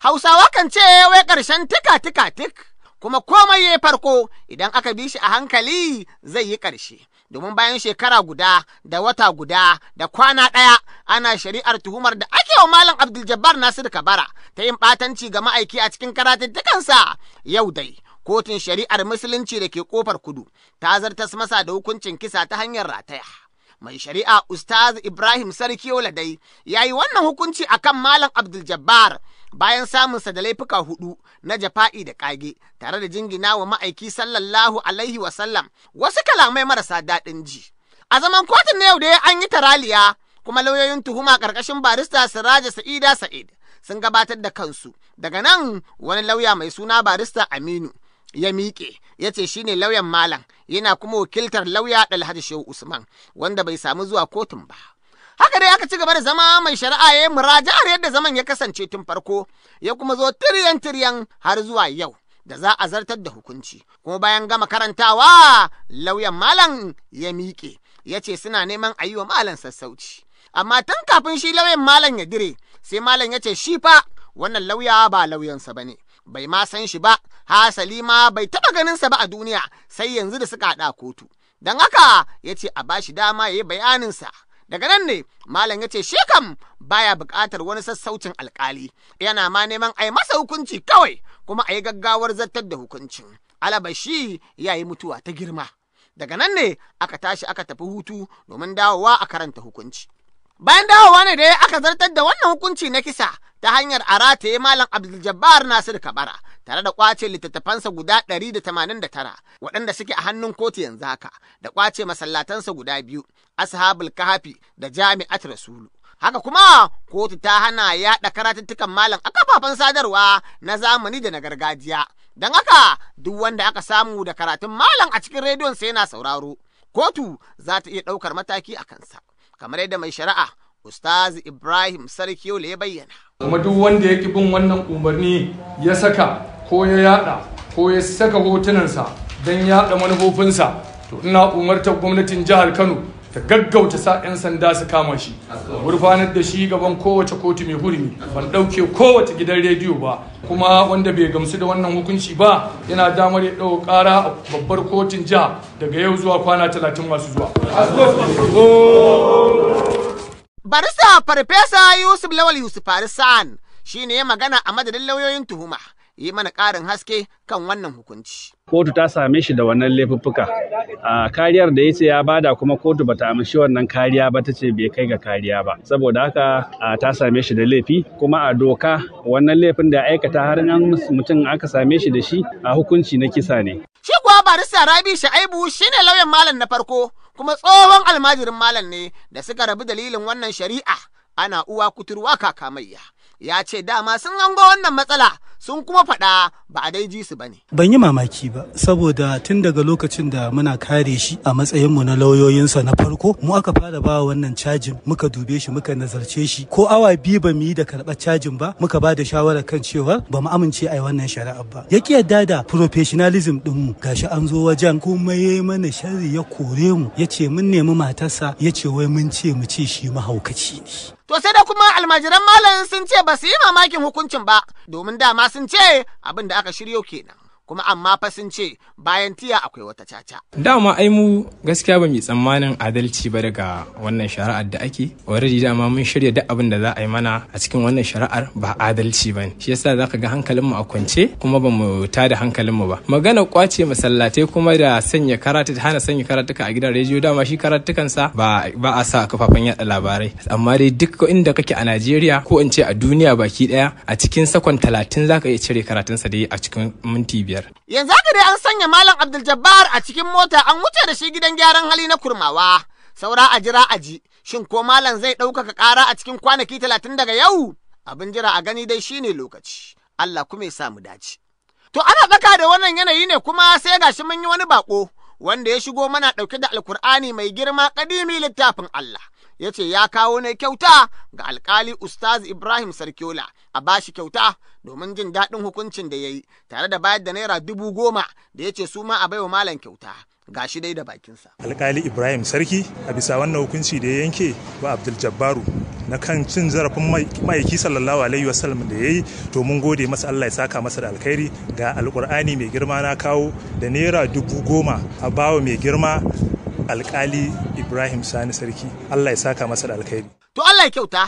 Hausawa kan ce wai ƙarshen tika tika tik, kuma komai ya farko idan aka bi shi a hankali zai yi ƙarshe. Domin bayan shekara guda da wata guda da kwana ɗaya ana shari'ar tuhumar da ake wa Malam Abdul Jabbar Nasir Kabara ta yin ɓatanci ga ma'aiki a cikin karatuttukansa yau dai. Kotun shari'ar Musulunci da ke kofar kudu ta zartas masa da hukuncin kisa ta hanyar rataya. mai shari'a Ustaz Ibrahim Sarki Oladai ya yi wannan hukunci akan Malam Abdul Jabbar bayan samunsa da laifuka hudu na jafa'i da ƙage tare da jingina wa ma'aiki sallallahu alaihi wasallam wasu kalamai marasa daɗin ji. A zaman kotun na yau da ya an yi taraliya kuma lauyoyin tuhuma ƙarƙashin barista Siraja Sa'ida Sa'id sun gabatar da kansu. Daga nan wani lauya mai suna barista Aminu ya miƙe ya ce shi ne lauyan malam yana kuma wakiltar lauya Dalhaji Shehu Usman wanda bai samu zuwa kotun ba. Haka dai aka ci gaba da zama mai shari'a ya yi muraja'ar yadda zaman ya kasance tun farko, ya kuma zo tiryan-tiryan har zuwa yau. da za a zartar da hukunci kuma bayan gama karantawa lauyan malam ya miƙe ya ce suna neman a yi wa malam sassauci amma tun kafin shi lauyan malam ya dire sai malam ya ce shi fa wannan lauya ba lauyansa ba ne bai ma san shi ba hasali ma bai taɓa ganinsa ba a duniya sai yanzu da suka haɗa kotu don haka ya ce a bashi dama ya yi bayaninsa daga nan ne malam ya ce shi kam baya buƙatar wani sassaucin alƙali yana ma neman a yi masa hukunci kawai kuma a yi gaggawar zartar da hukuncin alabashi ya yi mutuwa ta girma daga nan ne aka tashi aka tafi hutu domin dawowa a karanta hukunci bayan dawowa ne da aka zartar da wannan hukunci na kisa ta hanyar a rataye malam abdul jabbar nasir kabara tare da kwace littattafansa guda 189 waɗanda suke a hannun kotu yanzu haka da kwace masallatansa guda biyu ashabul kahafi da jami'at rasulu haka kuma kotu ta hana yaɗa karatuttukan malam a kafafen sadarwa na zamani da na gargajiya don haka duk wanda aka samu da karatun malam a cikin rediyon sai na sauraro kotu za ta iya ɗaukar mataki a kansa kamar yadda mai shari'a ustaz ibrahim sarki yau ya bayyana kuma duk wanda ya ki bin wannan umarni ya saka ko ya yada ko ya saka hotunansa don yada manufofinsa to ina umartar gwamnatin jihar kano ta gaggauta sa 'yan sanda su kama shi gurfanar da shi gaban kowace kotu mai hurmi ban dauke kowace gidan rediyo ba kuma wanda bai gamsu da wannan hukunci ba yana damar ya ɗau kara a babbar kotun jiha daga yau zuwa kwana talatin masu zuwa barisa farfesa yusuf lawal yusuf farisan shine magana a madadin lauyoyin tuhuma yi mana ƙarin haske kan wannan hukunci. Kotu ta same shi da wannan laifuffuka. A kariyar da ya ce ya bada kuma kotu bata amshi wannan kariya ba ta ce bai kai ga kariya ba. Saboda haka ta same shi da laifi kuma a doka wannan laifin da aikata har an mutum aka same shi da shi a hukunci na kisa ne. Shi kuwa barista Rabi Shaibu shine lauyan malam na farko kuma tsohon almajirin malam ne da suka rabu dalilin wannan shari'a ana uwa kuturwa kakamayya. Ya ce dama sun hango wannan matsala sun kuma faɗa ba a dai ji su bane. Ban yi mamaki ba saboda tun daga lokacin da muna kare shi a matsayin mu na lauyoyinsa na farko mu aka fara ba wannan cajin muka dube shi muka nazarce shi ko awa biyu ba mu yi da karɓar cajin ba muka ba da shawarar kan cewa ba mu amince a wannan shari'ar ba. Ya ki yadda da professionalism ɗinmu gashi an zo wajen kuma ya mana sharri ya kore mu ya ce mun nemi matarsa ya ce wai mun ce mu ce shi mahaukaci ne. To sai da kuma almajiran malam sun ce ba su yi mamakin hukuncin ba, domin dama sun ce abin da aka shiryo kenan. kuma amma fa sun ce bayan tiya akwai wata caca. Dama ai mu gaskiya ba mu yi tsammanin adalci ba daga wannan shari'ar da ake. Already dama mun shirya duk abin da za a yi mana a cikin wannan shari'ar ba adalci ba ne. Shi yasa ka ga hankalin mu a kwance kuma ba mu da hankalin mu ba. Magana kwace masallatai kuma da sanya karatu hana sanya karatuka a gidan rediyo dama shi karatukan sa ba ba a sa kafafen yada labarai. Amma dai duk inda kake a Najeriya ko in ce a duniya baki ɗaya. a cikin sakon talatin ka iya cire karatunsa dai a cikin minti biyar. biyar. Yanzu haka dai an sanya Malam Abdul Jabbar a cikin mota an wuce da shi gidan gyaran hali na kurmawa. Saura a jira a ji, shin ko Malam zai ɗaukaka ƙara a cikin kwanaki talatin daga yau? Abin jira a gani dai shine lokaci. Allah kuma ya sa mu dace. To ana tsaka da wannan yanayi ne kuma sai gashi mun yi wani baƙo. wanda ya shigo mana ɗauke da Alkur'ani mai girma ƙadimi littafin Allah. ya ce ya kawo ne kyauta ga alkali Ustaz Ibrahim Sarkiola a bashi kyauta domin jin daɗin hukuncin da ya yi tare da bayar da naira dubu goma da ya ce su ma a baiwa malam kyauta. ga shi dai da bakinsa. Alkali Ibrahim Sarki a bisa wannan hukunci da ya yanke wa Abdul Jabbaru na kan cin zarafin ma'aiki sallallahu alaihi wasallam da ya yi to mun gode masa Allah ya saka masa da alkhairi ga alkur'ani mai girma na kawo da naira dubu goma a bawa mai girma alkali Ibrahim Sani Sarki. Allah ya saka masa da alkhairi. To Allah ya kyauta.